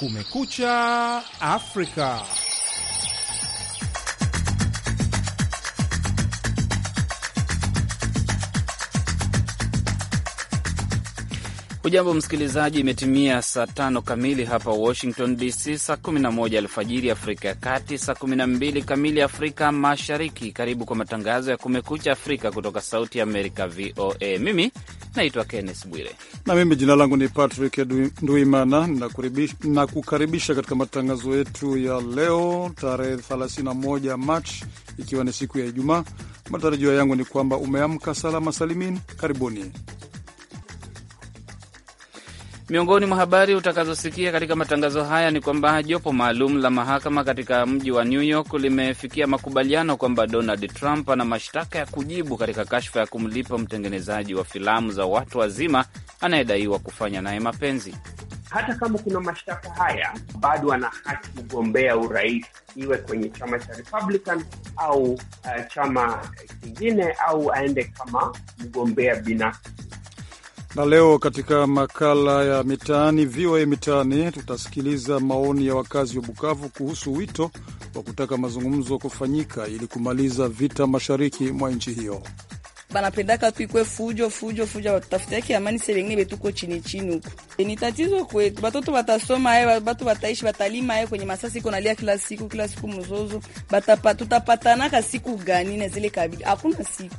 Kumekucha Afrika. ujambo msikilizaji, imetimia saa tano kamili hapa Washington DC, saa 11 alfajiri Afrika ya Kati, saa 12 kamili Afrika Mashariki. Karibu kwa matangazo ya Kumekucha Afrika kutoka Sauti ya Amerika, VOA. Mimi naitwa Kenneth Bwire na mimi jina langu ni Patrick Nduimana. Nakukaribisha katika matangazo yetu ya leo tarehe 31 Machi, ikiwa ni siku ya Ijumaa. Matarajio yangu ni kwamba umeamka salama salimin. Karibuni. Miongoni mwa habari utakazosikia katika matangazo haya ni kwamba jopo maalum la mahakama katika mji wa New York limefikia makubaliano kwamba Donald Trump ana mashtaka ya kujibu katika kashfa ya kumlipa mtengenezaji wa filamu za watu wazima anayedaiwa kufanya naye mapenzi. Hata kama kuna mashtaka haya, bado ana haki kugombea urais, iwe kwenye chama cha Republican au uh, chama kingine, au aende kama mgombea binafsi. Na leo katika makala ya mitaani, VOA Mitaani, tutasikiliza maoni ya wakazi wa Bukavu kuhusu wito wa kutaka mazungumzo kufanyika ili kumaliza vita mashariki mwa nchi hiyo. Banapendaka tuikwe fujo fujo fujo fujo, yake amani, se bengine betuko chini chini huko. E, ni tatizo kwetu, batoto batasoma ye, batu bataishi, batalima ye kwenye masasi iko nalia kila siku kila siku mzozo, tutapatana ka siku gani na zile kabila? Hakuna siku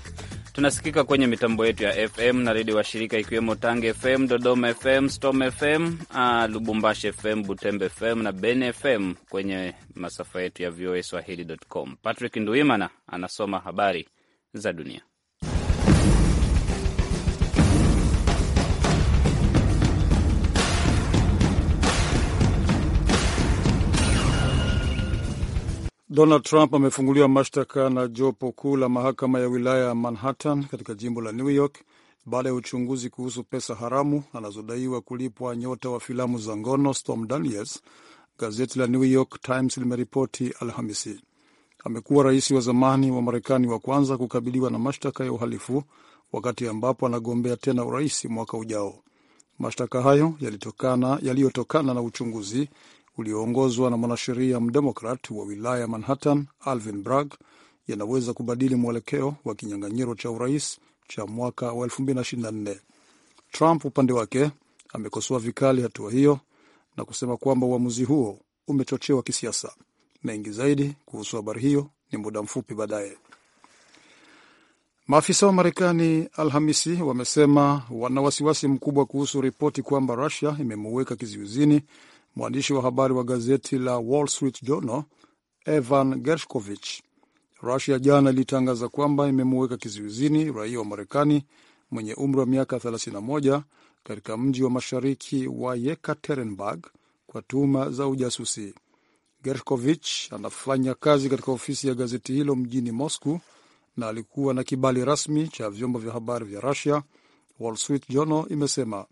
Tunasikika kwenye mitambo yetu ya FM na redio shirika ikiwemo Tange FM, Dodoma FM, Storm FM, ah, Lubumbashi FM, Butembe FM na Ben FM kwenye masafa yetu ya VOA Swahili.com. Patrick Nduimana anasoma habari za dunia. Donald Trump amefunguliwa mashtaka na jopo kuu la mahakama ya wilaya ya Manhattan katika jimbo la New York baada ya uchunguzi kuhusu pesa haramu anazodaiwa kulipwa nyota wa filamu za ngono stom Daniels. Gazeti la New York Times limeripoti Alhamisi. Amekuwa rais wa zamani wa Marekani wa kwanza kukabiliwa na mashtaka ya uhalifu wakati ambapo anagombea tena urais mwaka ujao. Mashtaka hayo yaliyotokana yali na uchunguzi ulioongozwa na mwanasheria mdemokrat wa wilaya Manhattan Alvin Bragg yanaweza kubadili mwelekeo wa kinyang'anyiro cha urais cha mwaka wa 2024. Trump upande wake amekosoa vikali hatua hiyo na kusema kwamba uamuzi huo umechochewa kisiasa. Mengi zaidi kuhusu habari hiyo ni muda mfupi baadaye. Maafisa wa Marekani Alhamisi wamesema wana wasiwasi mkubwa kuhusu ripoti kwamba Rusia imemuweka kizuizini Mwandishi wa habari wa gazeti la Wall Street Journal Evan Gershkovich. Rusia jana ilitangaza kwamba imemuweka kizuizini raia wa Marekani mwenye umri wa miaka 31 katika mji wa mashariki wa Yekaterinburg kwa tuhuma za ujasusi. Gershkovich anafanya kazi katika ofisi ya gazeti hilo mjini Moscow na alikuwa na kibali rasmi cha vyombo vya habari vya Rusia. Wall Street Journal imesema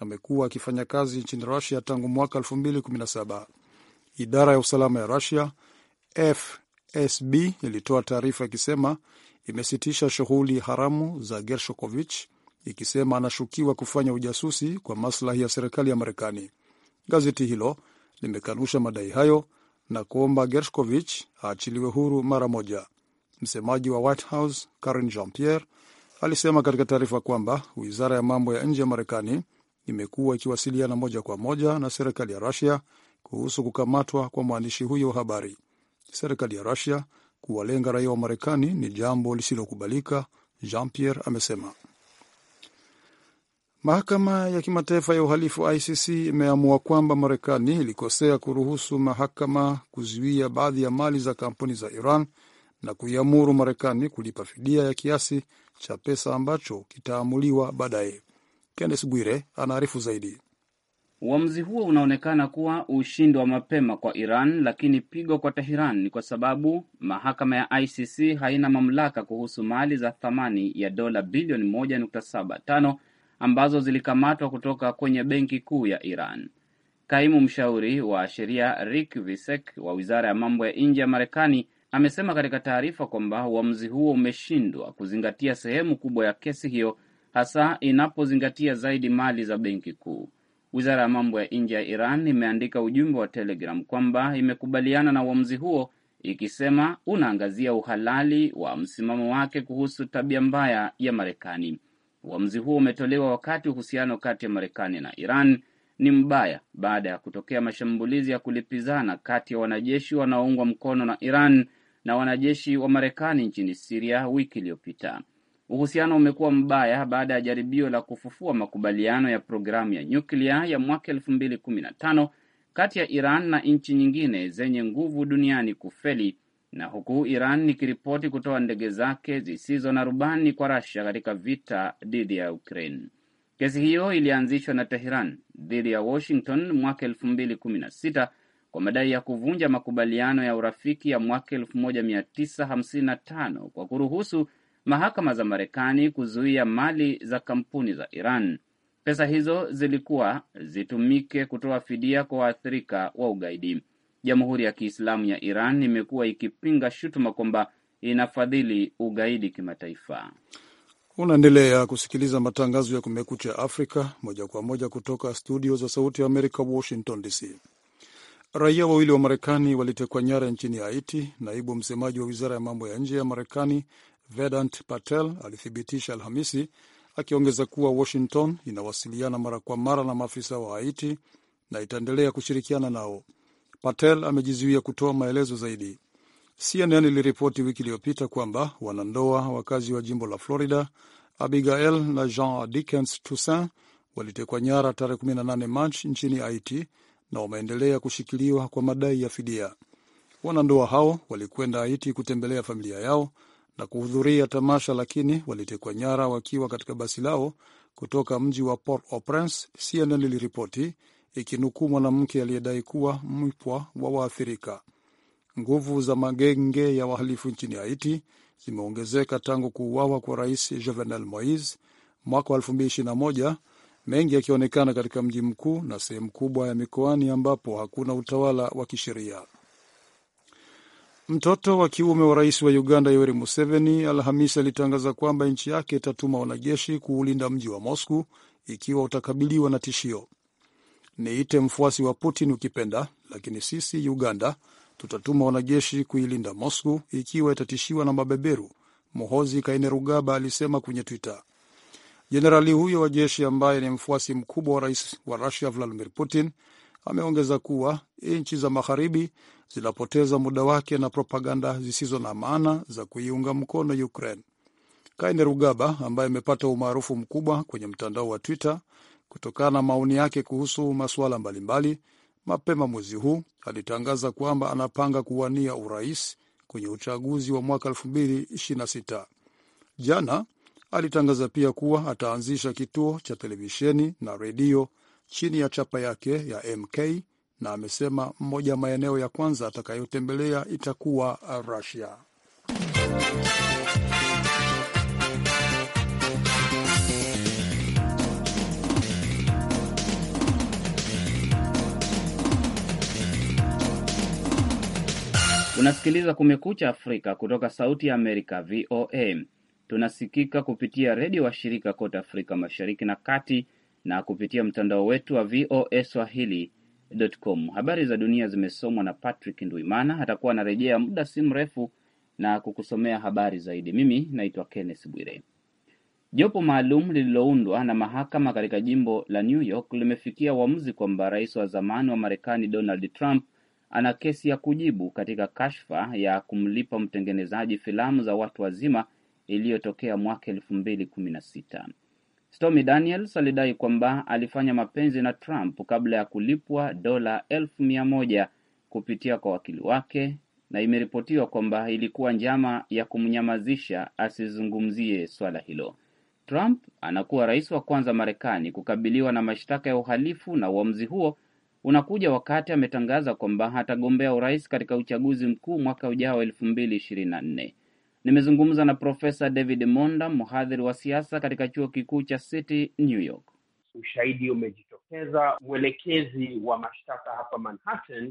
amekuwa akifanya kazi nchini Rusia tangu mwaka 2017. Idara ya usalama ya Rusia FSB ilitoa taarifa ikisema imesitisha shughuli haramu za Gershokovich, ikisema anashukiwa kufanya ujasusi kwa maslahi ya serikali ya Marekani. Gazeti hilo limekanusha madai hayo na kuomba Gershkovich aachiliwe huru mara moja. Msemaji wa White House Karine Jean Pierre alisema katika taarifa kwamba wizara ya mambo ya nje ya Marekani imekuwa ikiwasiliana moja kwa moja na serikali ya Rusia kuhusu kukamatwa kwa mwandishi huyo wa habari. Serikali ya Rusia kuwalenga raia wa Marekani ni jambo lisilokubalika, Jean Pierre amesema. Mahakama ya kimataifa ya uhalifu ICC imeamua kwamba Marekani ilikosea kuruhusu mahakama kuzuia baadhi ya mali za kampuni za Iran na kuiamuru Marekani kulipa fidia ya kiasi cha pesa ambacho kitaamuliwa baadaye. Kennes Bwire anaarifu zaidi. Uamuzi huo unaonekana kuwa ushindi wa mapema kwa Iran, lakini pigo kwa Teheran ni kwa sababu mahakama ya ICC haina mamlaka kuhusu mali za thamani ya dola bilioni 1.75 ambazo zilikamatwa kutoka kwenye benki kuu ya Iran. Kaimu mshauri wa sheria Rick Visek wa wizara ya mambo ya nje ya Marekani amesema katika taarifa kwamba uamuzi huo umeshindwa kuzingatia sehemu kubwa ya kesi hiyo hasa inapozingatia zaidi mali za benki kuu. Wizara ya mambo ya nje ya Iran imeandika ujumbe wa Telegram kwamba imekubaliana na uamuzi huo, ikisema unaangazia uhalali wa msimamo wake kuhusu tabia mbaya ya Marekani. Uamuzi huo umetolewa wakati uhusiano kati ya Marekani na Iran ni mbaya baada ya kutokea mashambulizi ya kulipizana kati ya wanajeshi wanaoungwa mkono na Iran na wanajeshi wa Marekani nchini Siria wiki iliyopita. Uhusiano umekuwa mbaya baada ya jaribio la kufufua makubaliano ya programu ya nyuklia ya mwaka 215 kati ya Iran na nchi nyingine zenye nguvu duniani kufeli na huku Iran ikiripoti kutoa ndege zake zisizo na rubani kwa rasia katika vita dhidi ya Ukraine. Kesi hiyo ilianzishwa na Teheran dhidi ya Washington mwaka 2016 kwa madai ya kuvunja makubaliano ya urafiki ya mwaka 1955 kwa kuruhusu mahakama za Marekani kuzuia mali za kampuni za Iran. Pesa hizo zilikuwa zitumike kutoa fidia kwa waathirika wa ugaidi. Jamhuri ya Kiislamu ya Iran imekuwa ikipinga shutuma kwamba inafadhili ugaidi kimataifa. Unaendelea kusikiliza matangazo ya Kumekucha Afrika moja kwa moja kutoka studio za Sauti ya Amerika, Washington DC. Raia wawili wa Marekani walitekwa nyara nchini Haiti. Naibu msemaji wa wizara ya mambo ya nje ya Marekani Vedant Patel alithibitisha Alhamisi, akiongeza kuwa Washington inawasiliana mara kwa mara na maafisa wa Haiti na itaendelea kushirikiana nao. Patel amejizuia kutoa maelezo zaidi. CNN iliripoti wiki iliyopita kwamba wanandoa wakazi wa jimbo la Florida Abigail na Jean Dickens Toussaint walitekwa nyara tarehe 18 Machi nchini Haiti na wameendelea kushikiliwa kwa madai ya fidia. Wanandoa hao walikwenda Haiti kutembelea familia yao na kuhudhuria tamasha, lakini walitekwa nyara wakiwa katika basi lao kutoka mji wa Port-au-Prince, CNN iliripoti ikinukuu mwanamke aliyedai kuwa mpwa wa waathirika. Nguvu za magenge ya wahalifu nchini Haiti zimeongezeka tangu kuuawa kwa Rais Jovenel Moise mwaka wa 2021, mengi yakionekana katika mji mkuu na sehemu kubwa ya mikoani ambapo hakuna utawala wa kisheria. Mtoto wa kiume wa rais wa Uganda Yoweri Museveni Alhamisi alitangaza kwamba nchi yake itatuma wanajeshi kuulinda mji wa Moscow ikiwa utakabiliwa na tishio. Niite mfuasi wa Putin ukipenda, lakini sisi Uganda tutatuma wanajeshi kuilinda Moscow ikiwa itatishiwa na mabeberu, Muhozi Kainerugaba alisema kwenye Twitter. Jenerali huyo wa jeshi ambaye ni mfuasi mkubwa wa rais wa Rusia Vladimir Putin ameongeza kuwa nchi za magharibi zinapoteza muda wake na propaganda zisizo na maana za kuiunga mkono Ukraine. Kaine Rugaba ambaye amepata umaarufu mkubwa kwenye mtandao wa Twitter kutokana na maoni yake kuhusu masuala mbalimbali, mapema mwezi huu alitangaza kwamba anapanga kuwania urais kwenye uchaguzi wa mwaka 2026. Jana alitangaza pia kuwa ataanzisha kituo cha televisheni na redio chini ya chapa yake ya MK na amesema mmoja maeneo ya kwanza atakayotembelea itakuwa rusia Unasikiliza Kumekucha Afrika kutoka Sauti ya Amerika, VOA. Tunasikika kupitia redio wa shirika kote Afrika Mashariki na Kati, na kupitia mtandao wetu wa VOA Swahili com. Habari za dunia zimesomwa na Patrick Nduimana. Atakuwa anarejea muda si mrefu na kukusomea habari zaidi. Mimi naitwa Kenneth Bwire. Jopo maalum lililoundwa na mahakama katika jimbo la New York limefikia uamuzi kwamba rais wa zamani wa Marekani Donald Trump ana kesi ya kujibu katika kashfa ya kumlipa mtengenezaji filamu za watu wazima iliyotokea mwaka elfu mbili kumi na sita. Stormy Daniels alidai kwamba alifanya mapenzi na Trump kabla ya kulipwa dola elfu mia moja kupitia kwa wakili wake na imeripotiwa kwamba ilikuwa njama ya kumnyamazisha asizungumzie swala hilo. Trump anakuwa rais wa kwanza Marekani kukabiliwa na mashtaka ya uhalifu, na uamuzi huo unakuja wakati ametangaza kwamba atagombea urais katika uchaguzi mkuu mwaka ujao elfu mbili ishirini na nne. Nimezungumza na Profesa David Monda, mhadhiri wa siasa katika chuo kikuu cha City New York. Ushahidi umejitokeza, mwelekezi wa mashtaka hapa Manhattan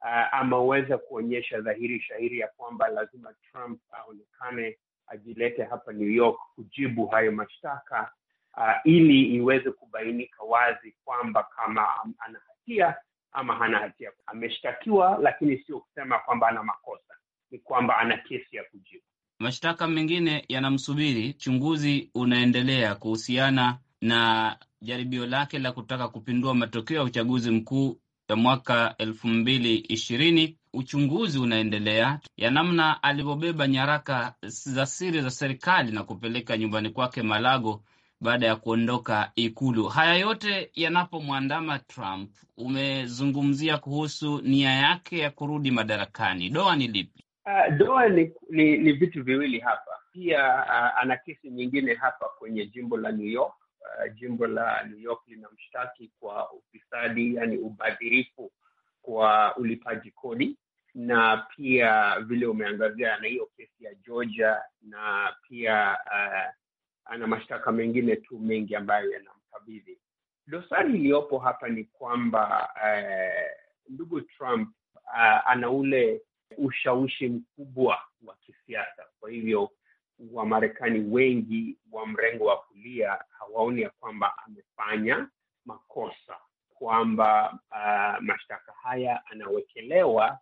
uh, ameweza kuonyesha dhahiri shahiri ya kwamba lazima Trump aonekane ajilete hapa New York kujibu hayo mashtaka uh, ili iweze kubainika wazi kwamba kama ana hatia ama hana hatia. Ameshtakiwa, lakini sio kusema kwamba ana makosa, ni kwamba ana kesi ya kujibu. Mashtaka mengine yanamsubiri, uchunguzi unaendelea kuhusiana na jaribio lake la kutaka kupindua matokeo ya uchaguzi mkuu ya mwaka elfu mbili ishirini. Uchunguzi unaendelea ya namna alivyobeba nyaraka za siri za serikali na kupeleka nyumbani kwake Malago baada ya kuondoka Ikulu. Haya yote yanapomwandama Trump, umezungumzia kuhusu nia yake ya kurudi madarakani. Doa ni lipi? Uh, ah, doa ni, ni, ni vitu viwili hapa pia. Uh, ana kesi nyingine hapa kwenye jimbo la New York. Uh, jimbo la New York linamshtaki kwa ufisadi, yani ubadhirifu kwa ulipaji kodi, na pia vile umeangazia na hiyo kesi ya Georgia, na pia uh, ana mashtaka mengine tu mengi ambayo yanamkabidhi. Dosari iliyopo hapa ni kwamba uh, ndugu Trump uh, ana ule ushawishi mkubwa wa kisiasa. Kwa hivyo Wamarekani wengi wa mrengo wa kulia hawaoni ya kwamba amefanya makosa, kwamba uh, mashtaka haya anawekelewa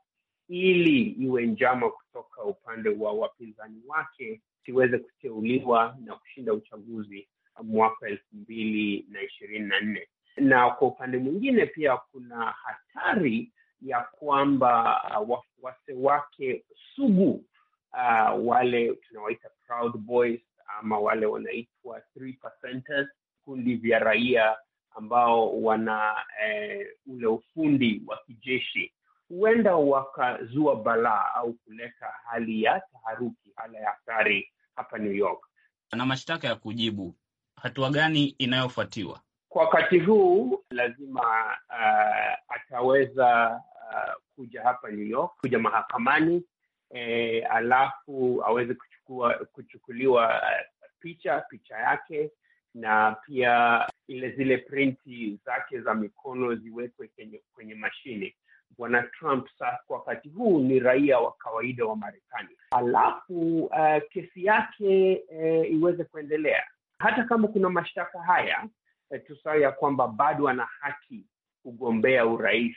ili iwe njama kutoka upande wa wapinzani wake siweze kuteuliwa na kushinda uchaguzi mwaka elfu mbili na ishirini na nne. Na kwa upande mwingine pia kuna hatari ya kwamba uh, wafuasi wake sugu uh, wale tunawaita Proud Boys ama wale wanaitwa Three Percenters, kundi vya raia ambao wana eh, ule ufundi wa kijeshi huenda wakazua balaa au kuleta hali ya taharuki, hala ya hatari hapa New York. Na mashtaka ya kujibu, hatua gani inayofuatiwa kwa wakati huu? Lazima uh, ataweza Uh, kuja hapa New York, kuja mahakamani eh, alafu aweze kuchukua kuchukuliwa uh, picha picha yake na pia ile zile printi zake za mikono ziwekwe kwenye, kwenye mashine. Bwana Trump sasa kwa wakati huu ni raia wa kawaida wa Marekani, alafu uh, kesi yake uh, iweze kuendelea hata kama kuna mashtaka haya uh, tusahau ya kwamba bado ana haki kugombea urais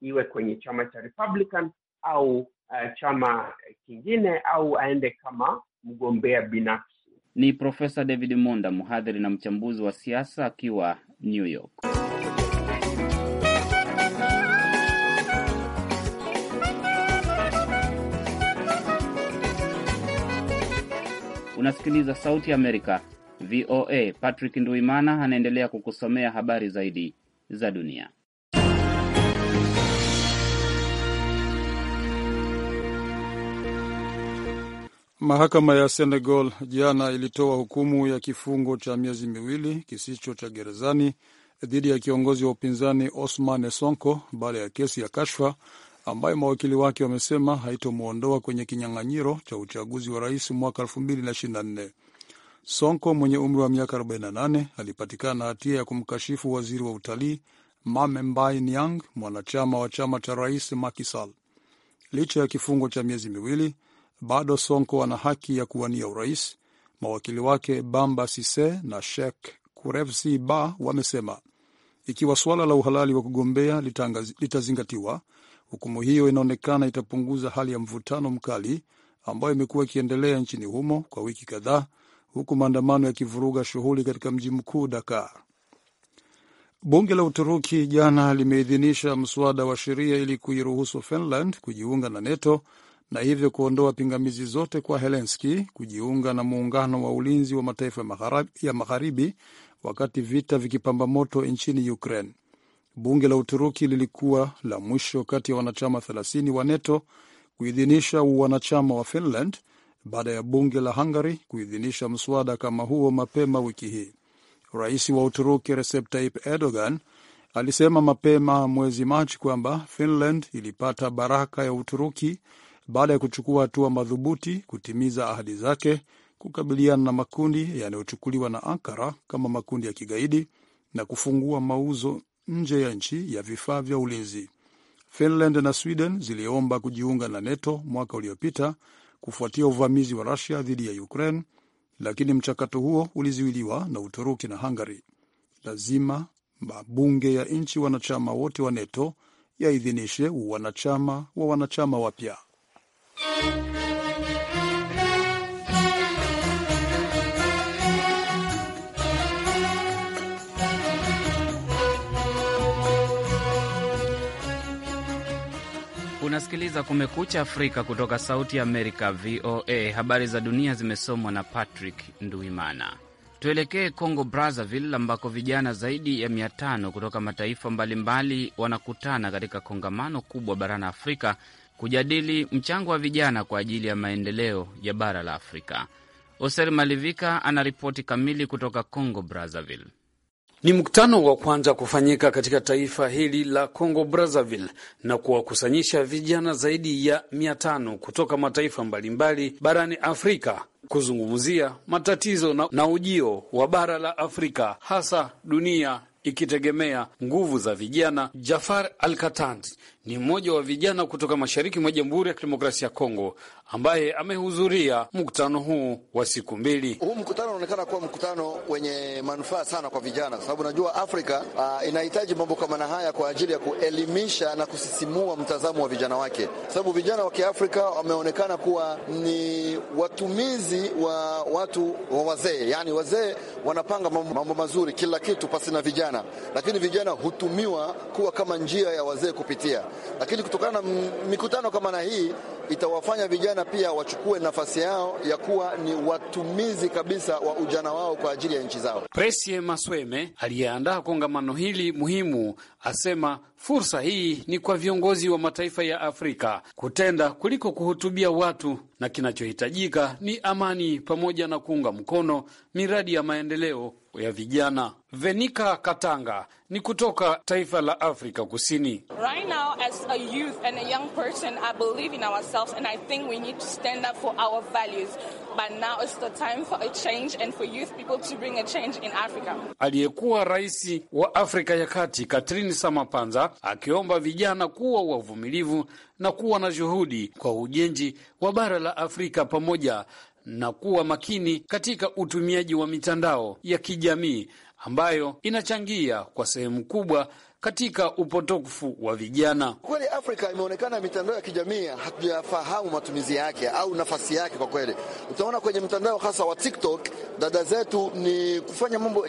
iwe kwenye chama cha Republican au uh, chama eh, kingine au aende kama mgombea binafsi. Ni Profesa David Monda, mhadhiri na mchambuzi wa siasa akiwa New York. Unasikiliza Sauti ya Amerika, VOA. Patrick Nduimana anaendelea kukusomea habari zaidi za dunia. Mahakama ya Senegal jana ilitoa hukumu ya kifungo cha miezi miwili kisicho cha gerezani dhidi ya kiongozi wa upinzani Osman Sonko baada ya kesi ya kashfa ambayo mawakili wake wamesema haitomwondoa kwenye kinyang'anyiro cha uchaguzi wa rais mwaka 2024. Sonko mwenye umri wa miaka 48 alipatikana na hatia ya kumkashifu waziri wa utalii Mame Mbaye Niang, mwanachama wa chama cha rais Macky Sall. Licha ya kifungo cha miezi miwili, bado Sonko ana haki ya kuwania urais. Mawakili wake Bamba Sise na Shek Kurevsi Ba wamesema ikiwa suala la uhalali wa kugombea litazingatiwa, hukumu hiyo inaonekana itapunguza hali ya mvutano mkali ambayo imekuwa ikiendelea nchini humo kwa wiki kadhaa, huku maandamano yakivuruga shughuli katika mji mkuu Dakar. Bunge la Uturuki jana limeidhinisha mswada wa sheria ili kuiruhusu Finland kujiunga na NATO na hivyo kuondoa pingamizi zote kwa helenski kujiunga na muungano wa ulinzi wa mataifa ya magharibi wakati vita vikipamba moto nchini Ukraine. Bunge la Uturuki lilikuwa la mwisho kati ya wanachama 30 wa NATO kuidhinisha wanachama wa Finland baada ya bunge la Hungary kuidhinisha mswada kama huo mapema wiki hii. Rais wa Uturuki Recep Tayyip Erdogan alisema mapema mwezi Machi kwamba Finland ilipata baraka ya Uturuki baada ya kuchukua hatua madhubuti kutimiza ahadi zake kukabiliana na makundi yanayochukuliwa na Ankara kama makundi ya kigaidi na kufungua mauzo nje ya nchi ya vifaa vya ulinzi. Finland na Sweden ziliomba kujiunga na NATO mwaka uliopita kufuatia uvamizi wa Rusia dhidi ya Ukraine, lakini mchakato huo ulizuiliwa na Uturuki na Hungary. Lazima mabunge ya nchi wanachama wote wa NATO yaidhinishe wanachama wa wanachama wapya. Unasikiliza Kumekucha Afrika kutoka Sauti ya Amerika, VOA. Habari za dunia zimesomwa na Patrick Nduimana. Tuelekee Congo Brazzaville, ambako vijana zaidi ya mia tano kutoka mataifa mbalimbali wanakutana katika kongamano kubwa barani Afrika kujadili mchango wa vijana kwa ajili ya maendeleo ya bara la Afrika. Oser Malivika anaripoti kamili kutoka Congo Brazzaville. Ni mkutano wa kwanza kufanyika katika taifa hili la Congo Brazzaville na kuwakusanyisha vijana zaidi ya mia tano kutoka mataifa mbalimbali barani Afrika kuzungumzia matatizo na, na ujio wa bara la Afrika hasa dunia ikitegemea nguvu za vijana. Jafar Alkatand ni mmoja wa vijana kutoka mashariki mwa Jamhuri ya Kidemokrasia ya Kongo ambaye amehudhuria mkutano huu wa siku mbili. Huu mkutano unaonekana kuwa mkutano wenye manufaa sana kwa vijana, kwa sababu najua Afrika uh, inahitaji mambo kama na haya kwa ajili ya kuelimisha na kusisimua mtazamo wa vijana wake, kwa sababu vijana wa Kiafrika wameonekana kuwa ni watumizi wa watu wa wazee, yani wazee wanapanga mambo mazuri, kila kitu pasi na vijana, lakini vijana hutumiwa kuwa kama njia ya wazee kupitia lakini kutokana na mikutano kama na hii itawafanya vijana pia wachukue nafasi yao ya kuwa ni watumizi kabisa wa ujana wao kwa ajili ya nchi zao. Presie Masweme aliyeandaa kongamano hili muhimu asema fursa hii ni kwa viongozi wa mataifa ya Afrika kutenda kuliko kuhutubia watu, na kinachohitajika ni amani pamoja na kuunga mkono miradi ya maendeleo ya vijana. Venika Katanga ni kutoka taifa la Afrika Kusini. Right now, Aliyekuwa rais wa Afrika ya Kati katrin Samapanza akiomba vijana kuwa wavumilivu na kuwa na juhudi kwa ujenzi wa bara la Afrika pamoja na kuwa makini katika utumiaji wa mitandao ya kijamii ambayo inachangia kwa sehemu kubwa katika upotofu wa vijana. Kweli Afrika imeonekana mitandao ya kijamii hatujafahamu matumizi yake au nafasi yake. Kwa kweli, utaona kwenye mtandao hasa wa TikTok dada zetu ni kufanya mambo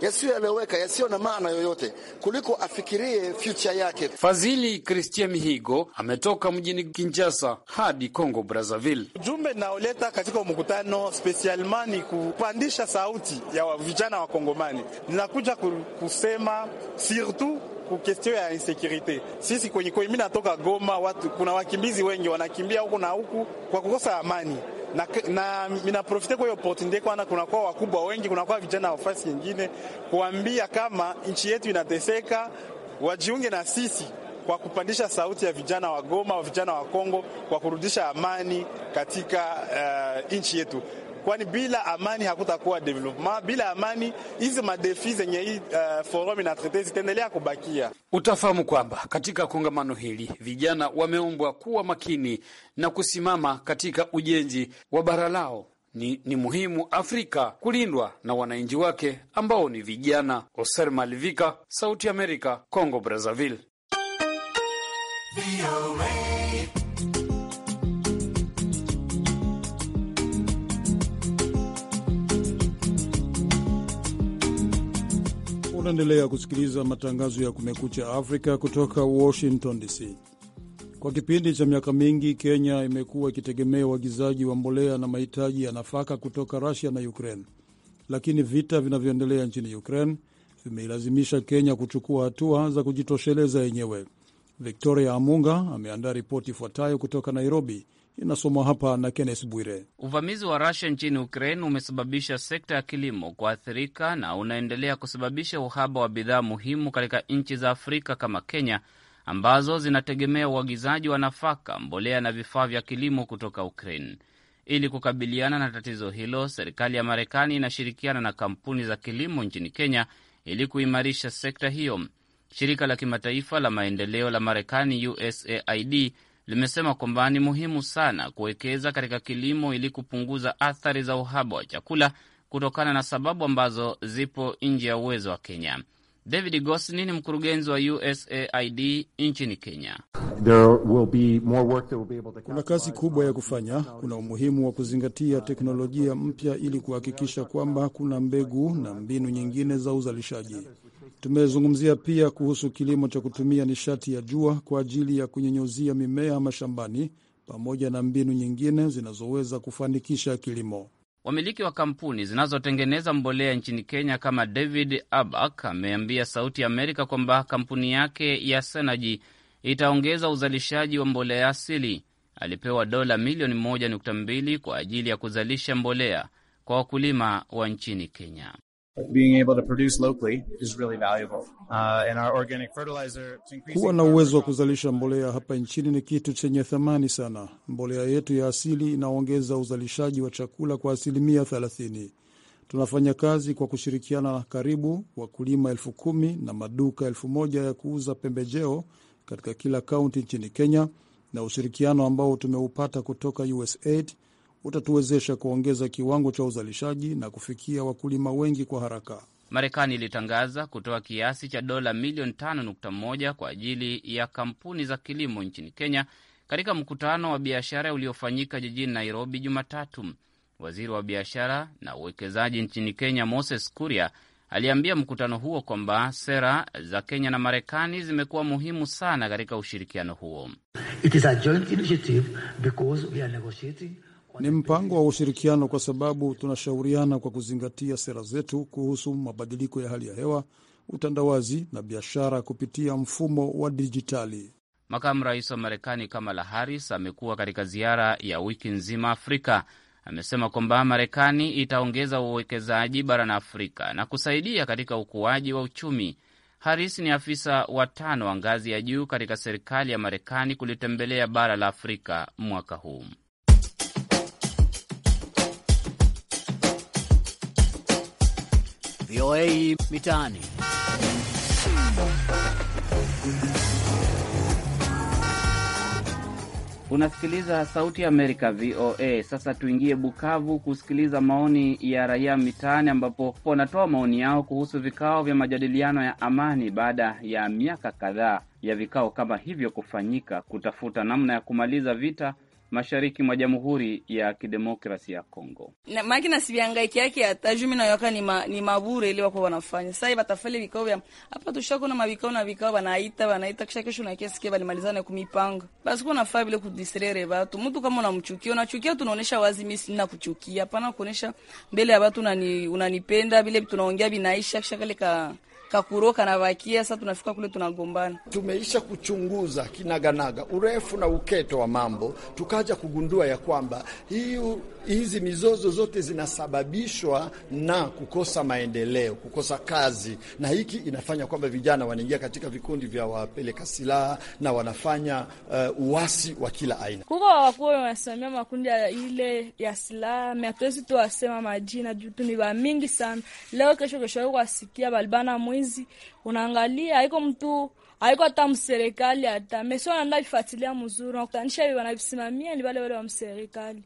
yasiyoeleweka, yasiyo na maana yoyote, kuliko afikirie future yake. Fadhili Christian Mihigo ametoka mjini Kinshasa hadi Congo Brazzaville. Ujumbe naoleta katika mkutano spesialman ni kupandisha sauti ya vijana wa Kongomani, ninakuja kusema sirtu tu kukestio ya insecurity. Sisi kwenye kwenye mimi natoka Goma, watu kuna wakimbizi wengi wanakimbia huku na huku kwa kukosa amani na, na minaprofite kwa hiyo ana kuna kwa wakubwa wengi, kwa vijana wa fasi nyingine kuambia kama nchi yetu inateseka, wajiunge na sisi kwa kupandisha sauti ya vijana wa Goma, wa vijana wa Kongo, kwa kurudisha amani katika uh, nchi yetu kwani bila amani hakutakuwa development. Bila amani hizi madefi zenye hii uh, forum inatrete zitaendelea kubakia. Utafahamu kwamba katika kongamano hili vijana wameombwa kuwa makini na kusimama katika ujenzi wa bara lao. Ni, ni muhimu Afrika kulindwa na wananchi wake ambao ni vijana. Oser Malivika, Sauti Amerika, Congo Brazzaville. Unaendelea kusikiliza matangazo ya Kumekucha Afrika kutoka Washington DC. Kwa kipindi cha miaka mingi, Kenya imekuwa ikitegemea uagizaji wa mbolea na mahitaji ya nafaka kutoka Rusia na Ukraine, lakini vita vinavyoendelea nchini Ukraine vimeilazimisha Kenya kuchukua hatua za kujitosheleza yenyewe. Victoria Amunga ameandaa ripoti ifuatayo kutoka Nairobi, inasomwa hapa na Kennes Bwire. Uvamizi wa Rusia nchini Ukraine umesababisha sekta ya kilimo kuathirika na unaendelea kusababisha uhaba wa bidhaa muhimu katika nchi za Afrika kama Kenya ambazo zinategemea uagizaji wa nafaka, mbolea na vifaa vya kilimo kutoka Ukraine. Ili kukabiliana na tatizo hilo, serikali ya Marekani inashirikiana na kampuni za kilimo nchini Kenya ili kuimarisha sekta hiyo. Shirika la kimataifa la maendeleo la Marekani, USAID, limesema kwamba ni muhimu sana kuwekeza katika kilimo ili kupunguza athari za uhaba wa chakula kutokana na sababu ambazo zipo nje ya uwezo wa Kenya. David Gosni ni mkurugenzi wa USAID nchini Kenya. Kuna kazi kubwa ya kufanya. Kuna umuhimu wa kuzingatia teknolojia mpya ili kuhakikisha kwamba kuna mbegu na mbinu nyingine za uzalishaji. Tumezungumzia pia kuhusu kilimo cha kutumia nishati ya jua kwa ajili ya kunyenyuzia mimea mashambani pamoja na mbinu nyingine zinazoweza kufanikisha kilimo. Wamiliki wa kampuni zinazotengeneza mbolea nchini Kenya kama David Abak ameambia Sauti ya Amerika kwamba kampuni yake ya Senaji itaongeza uzalishaji wa mbolea asili. Alipewa dola milioni 1.2 kwa ajili ya kuzalisha mbolea kwa wakulima wa nchini Kenya. Uh, Kuwa na uwezo wa kuzalisha mbolea hapa nchini ni kitu chenye thamani sana. Mbolea yetu ya asili inaongeza uzalishaji wa chakula kwa asilimia 30. Tunafanya kazi kwa kushirikiana na karibu wakulima elfu kumi na maduka elfu moja ya kuuza pembejeo katika kila kaunti nchini Kenya, na ushirikiano ambao tumeupata kutoka USAID utatuwezesha kuongeza kiwango cha uzalishaji na kufikia wakulima wengi kwa haraka. Marekani ilitangaza kutoa kiasi cha dola milioni 5.1 kwa ajili ya kampuni za kilimo nchini Kenya katika mkutano wa biashara uliofanyika jijini Nairobi Jumatatu. Waziri wa biashara na uwekezaji nchini Kenya Moses Kuria aliambia mkutano huo kwamba sera za Kenya na Marekani zimekuwa muhimu sana katika ushirikiano huo. It is a joint initiative because we are negotiating ni mpango wa ushirikiano kwa sababu tunashauriana kwa kuzingatia sera zetu kuhusu mabadiliko ya hali ya hewa, utandawazi na biashara kupitia mfumo wa dijitali. Makamu rais wa Marekani Kamala Harris amekuwa katika ziara ya wiki nzima Afrika. Amesema kwamba Marekani itaongeza uwekezaji barani Afrika na kusaidia katika ukuaji wa uchumi. Harris ni afisa wa tano wa ngazi ya juu katika serikali ya Marekani kulitembelea bara la Afrika mwaka huu. VOA Mitaani. Unasikiliza Sauti ya Amerika, VOA. Sasa tuingie Bukavu kusikiliza maoni ya raia mitaani, ambapo wanatoa maoni yao kuhusu vikao vya majadiliano ya amani baada ya miaka kadhaa ya vikao kama hivyo kufanyika kutafuta namna ya kumaliza vita mashariki mwa Jamhuri ya Kidemokrasi ya Kongo. Maake nasiviangaiki yake atajumi nayoka ni, ma, ni mabure ile wako wanafanya sai batafali vikao vya hapa tushakona mavikao na vikao wanaita wanaita kisha kesho na kesike balimalizana kumipanga basi kuna faa vile kudistrere watu. Mtu kama unamchukia unachukia, tunaonesha wazi, mimi sina kuchukia hapana, kuonesha mbele ya watu unani, unanipenda vile tunaongea binaisha kisha kale ka kakuroka na vakia. Sasa tunafika kule tunagombana. Tumeisha kuchunguza kinaganaga urefu na uketo wa mambo, tukaja kugundua ya kwamba hizi mizozo zote zinasababishwa na kukosa maendeleo, kukosa kazi, na hiki inafanya kwamba vijana wanaingia katika vikundi vya wapeleka silaha na wanafanya uh, uasi wa kila aina. Kuko wakuwa wanasimamia makundi ya ile ya silaha, hatuwezi tuwasema majina juu tu ni wa mingi sana. Leo kesho kesho wasikia balibana mwizi hizi unaangalia, haiko mtu haiko hata mserikali hata meso anaenda vifuatilia mzuri, unakutanisha wanavisimamia ni wale wale wa mserikali,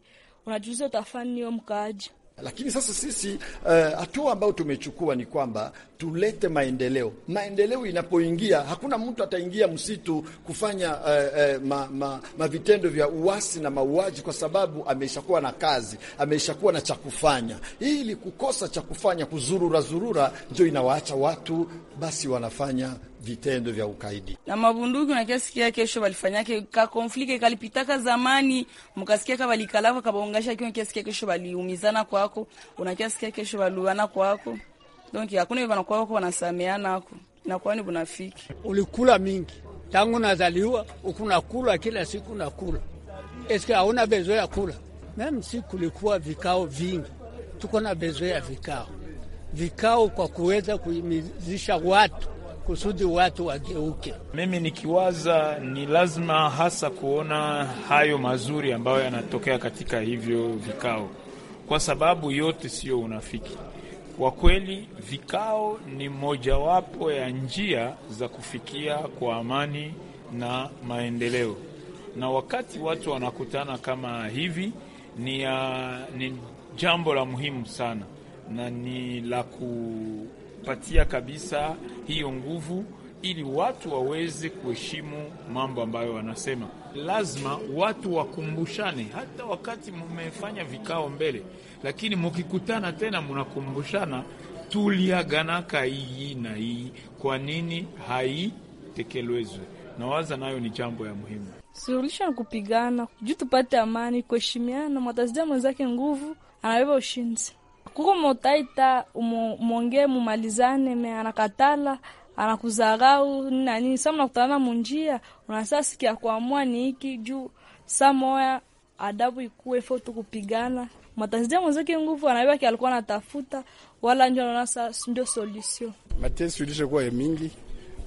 unajuliza utafani niyo mkaaji lakini sasa sisi eh, hatua uh, ambayo tumechukua ni kwamba tulete maendeleo. Maendeleo inapoingia, hakuna mtu ataingia msitu kufanya uh, uh, ma, ma, mavitendo vya uasi na mauaji, kwa sababu ameshakuwa na kazi, ameishakuwa na cha kufanya. Ili kukosa cha kufanya, kuzurura zurura, ndio inawaacha watu basi wanafanya vitendo vya ukaidi na mabunduki. Unakiasikia kesho walifanyake ka konflike kalipitaka zamani, mkasikia ka balikalava kabaongasha kiwa kiasikia kesho waliumizana kwako, unakiasikia kesho baluana kwako, donc hakuna hivyo wanakuwa wako wanasameana ako na kwani bunafiki. Ulikula mingi tangu nazaliwa, ukunakula kila siku nakula, eske hauna bezo ya kula meme si kulikuwa vikao vingi, tuko na bezo ya vikao vikao kwa kuweza kuimizisha watu kusudi watu wageuke. Mimi nikiwaza ni lazima hasa kuona hayo mazuri ambayo yanatokea katika hivyo vikao, kwa sababu yote siyo unafiki. Kwa kweli vikao ni mojawapo ya njia za kufikia kwa amani na maendeleo, na wakati watu wanakutana kama hivi ni, uh, ni jambo la muhimu sana na ni la ku kuwapatia kabisa hiyo nguvu ili watu waweze kuheshimu mambo ambayo wanasema. Lazima watu wakumbushane, hata wakati mmefanya vikao mbele, lakini mukikutana tena munakumbushana tuliaganaka hii na hii, kwa nini haitekelezwe? Nawaza nayo ni jambo ya muhimu, ni kupigana juu tupate amani, kuheshimiana. Mwatazia mwenzake nguvu, anabeba ushinzi kuko motaita mwongee mumalizane, me anakatala anakuzarau nani. Sa mnakutana munjia, unasa sikia kuamua ni iki juu samoya adabu ikuwe fo tukupigana matazia mwenzake nguvu anawea ki alikuwa anatafuta wala ndio anaona ndio solution mateso ilishakuwa ya mingi.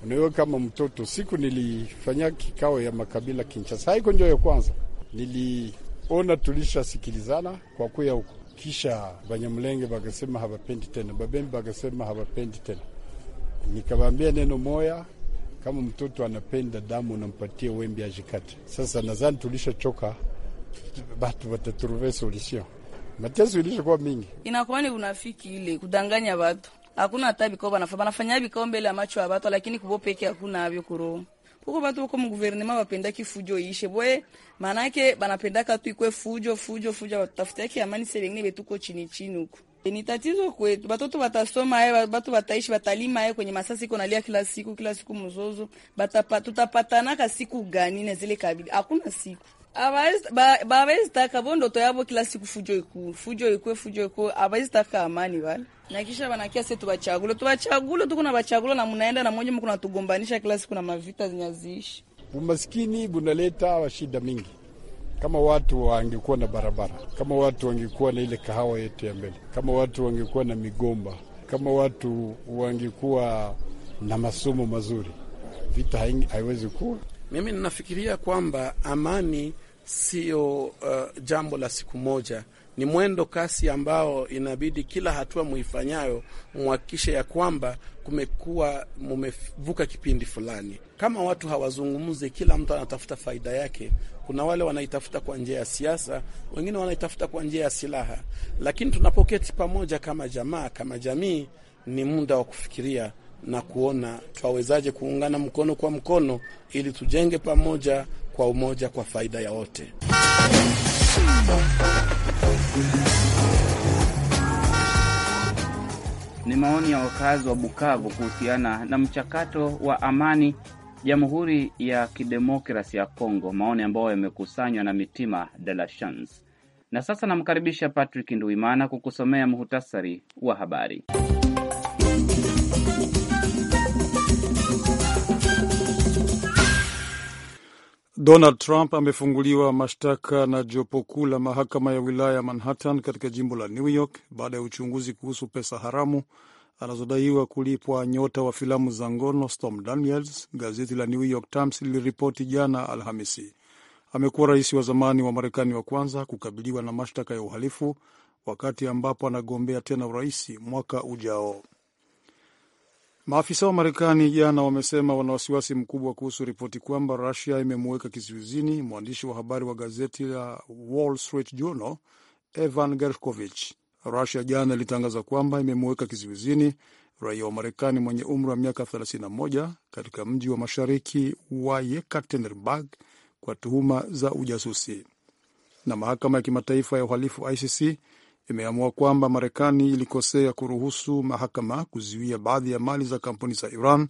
Unawea kama mtoto, siku nilifanya kikao ya makabila Kinshasa, haiko ndio ya kwanza niliona tulishasikilizana kwa kuya huko kisha Banyamlenge bakasema hawapendi tena, Babembe bakasema hawapendi tena. Nikawaambia neno moya, kama mtoto anapenda damu unampatia wembi ajikate. Sasa nadhani tulishachoka, batu wataturuve solution. Mateso ilishakuwa mingi, inakuwa unafiki ile kudanganya watu. Hakuna hata vikao banafanya vikao mbele ya macho ya watu, lakini kuvo peke hakuna avyo kuroho huko batu huko mguvernema bapendaki fujo ishe bwe, manake banapendaka tu fujo fujo fujo, batutafutiaki amani. Se bengine betuko chini chini huko e, ni tatizo kwetu, batoto batasoma ye, batu bataishi, batalima ye kwenye masasi iko nalia kila siku kila siku mzozo, tutapatanaka siku gani na zile kabili Hakuna siku abazitaka bo ndoto yabo kila siku fujo ikue fujo ikue fujo ikue, abazitaka amani wale na kisha wanakia se tubachagule tubachagule, tuko na bachagula na munaenda na mmoja mko natugombanisha kila siku na mavita zinyaziishi. Umaskini bunaleta shida mingi. Kama watu wangekuwa na barabara, kama watu wangekuwa na ile kahawa yetu ya mbele, kama watu wangekuwa na migomba, kama watu wangekuwa na masomo mazuri, vita haiwezi kuwa mimi ninafikiria kwamba amani sio uh, jambo la siku moja, ni mwendo kasi ambao inabidi kila hatua muifanyayo muhakikishe ya kwamba kumekuwa mumevuka kipindi fulani. Kama watu hawazungumzi, kila mtu anatafuta faida yake. Kuna wale wanaitafuta kwa njia ya siasa, wengine wanaitafuta kwa njia ya silaha, lakini tunapoketi pamoja kama jamaa, kama jamii, ni muda wa kufikiria na kuona twawezaje kuungana mkono kwa mkono ili tujenge pamoja kwa umoja kwa faida ya wote. Ni maoni ya wakazi wa Bukavu kuhusiana na mchakato wa amani Jamhuri ya Kidemokrasi ya Kongo, maoni ambayo yamekusanywa na Mitima de la Chance. Na sasa namkaribisha Patrick Nduimana kukusomea muhtasari wa habari. Donald Trump amefunguliwa mashtaka na jopo kuu la mahakama ya wilaya ya Manhattan katika jimbo la New York baada ya uchunguzi kuhusu pesa haramu anazodaiwa kulipwa nyota wa filamu za ngono stom Daniels, gazeti la New York Times liliripoti jana Alhamisi. Amekuwa rais wa zamani wa Marekani wa kwanza kukabiliwa na mashtaka ya uhalifu wakati ambapo anagombea tena urais mwaka ujao. Maafisa wa Marekani jana wamesema wana wasiwasi mkubwa kuhusu ripoti kwamba Rusia imemuweka kizuizini mwandishi wa habari wa gazeti la Wall Street Journal Evan Gershkovich. Rusia jana ilitangaza kwamba imemuweka kizuizini raia wa Marekani mwenye umri wa miaka 31 katika mji wa mashariki wa Yekaterinburg kwa tuhuma za ujasusi. Na mahakama ya kimataifa ya uhalifu ICC imeamua kwamba Marekani ilikosea kuruhusu mahakama kuzuia baadhi ya mali za kampuni za Iran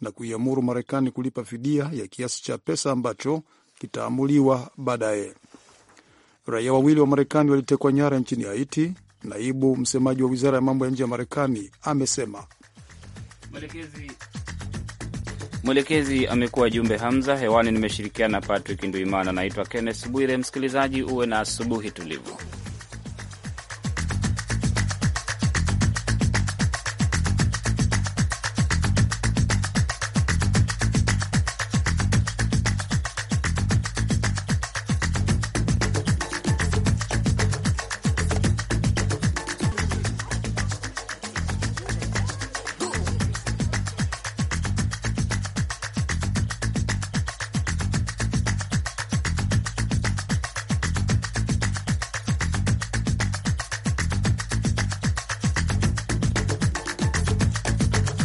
na kuiamuru Marekani kulipa fidia ya kiasi cha pesa ambacho kitaamuliwa baadaye. Raia wawili wa Marekani walitekwa nyara nchini Haiti, naibu msemaji wa wizara ya mambo ya nje ya Marekani amesema. Mwelekezi, mwelekezi amekuwa Jumbe Hamza. Hewani nimeshirikiana na Patrick Nduimana. Naitwa Kenneth Bwire. Msikilizaji, uwe na asubuhi tulivu.